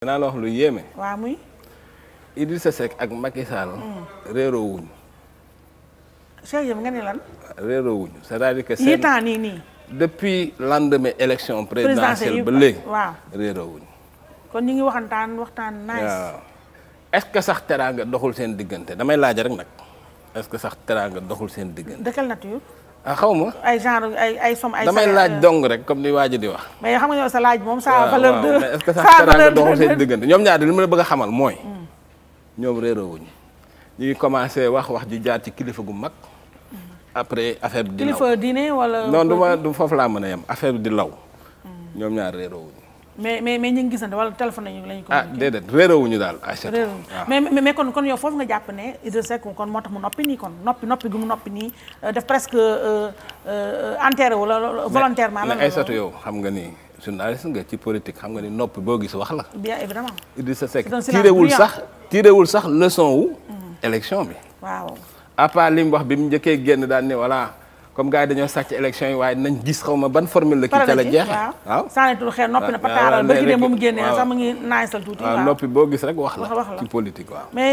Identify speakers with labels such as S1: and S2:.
S1: danaa la wax lu yéeme. waaw muy. Idrissa Seck ak Macky Sall. Mm. réeroo wuñu.
S2: Cheikh Yem nga ne lan.
S1: réeroo wuñu cest à seen nii nii. depuis lendemain élection présidentielle ba léegi. waa réeroo wuñu.
S2: kon ñu ngi waxantaan waxtaan nice.
S1: est-ce que sax teraanga doxul seen diggante damay laaj rek nag. est que sax teraanga doxul seen diggante. de quelle nature. ah xaw ma
S2: ay genre ay ay som ay. damay laaj euh,
S1: dong rek comme ni waa di wax.
S2: mais xam nga ñoom sa laaj moom. sa valeur de est-ce que sax teraanga doxul seen
S1: diggante ñoom ñaar li ma la bëgg a xamal mooy. Hmm. ñoom réeroo wuñu ñu ngi commencé wax wax ji jaar ci kilifa gu mag. après affaire bi di
S2: law wala. non du
S1: laa mën a yem affaire bi di law. Hmm. ñoom ñaar réeroo wuñu
S2: mais mais mais ñu ngi gisante wala téléphone lañu lañu.
S1: ah déedéet réerawuñu daal ah c'est
S2: mais mais kon kon yow foofu nga jàpp ne Idrissa Seck kon moo tax mu noppi nii kon noppi gu mu noppi nii euh, def presque euh, euh, enterré wala volontairement. lan ay satu yow
S1: xam nga ni journaliste nga ci politique xam nga ni noppi boo gis wax la. bien évidemment. Idrissa Seck tiirewul sax tiirewul sax leçon wu. Mm. élection bi. waaw à li mu wax bi mu njëkkee génn daal ne voilà. comme gars yi dañoo sàcc élection yi waaye nañ gis xaw ma ban formule la. kii ca la jeex waaw
S2: sànnitul xeer noppi na pataaral ba ki de moom génnee sax mu ngi naaj sal tuuti. noppi
S1: boo gis rek wax la ci politique
S2: waaw.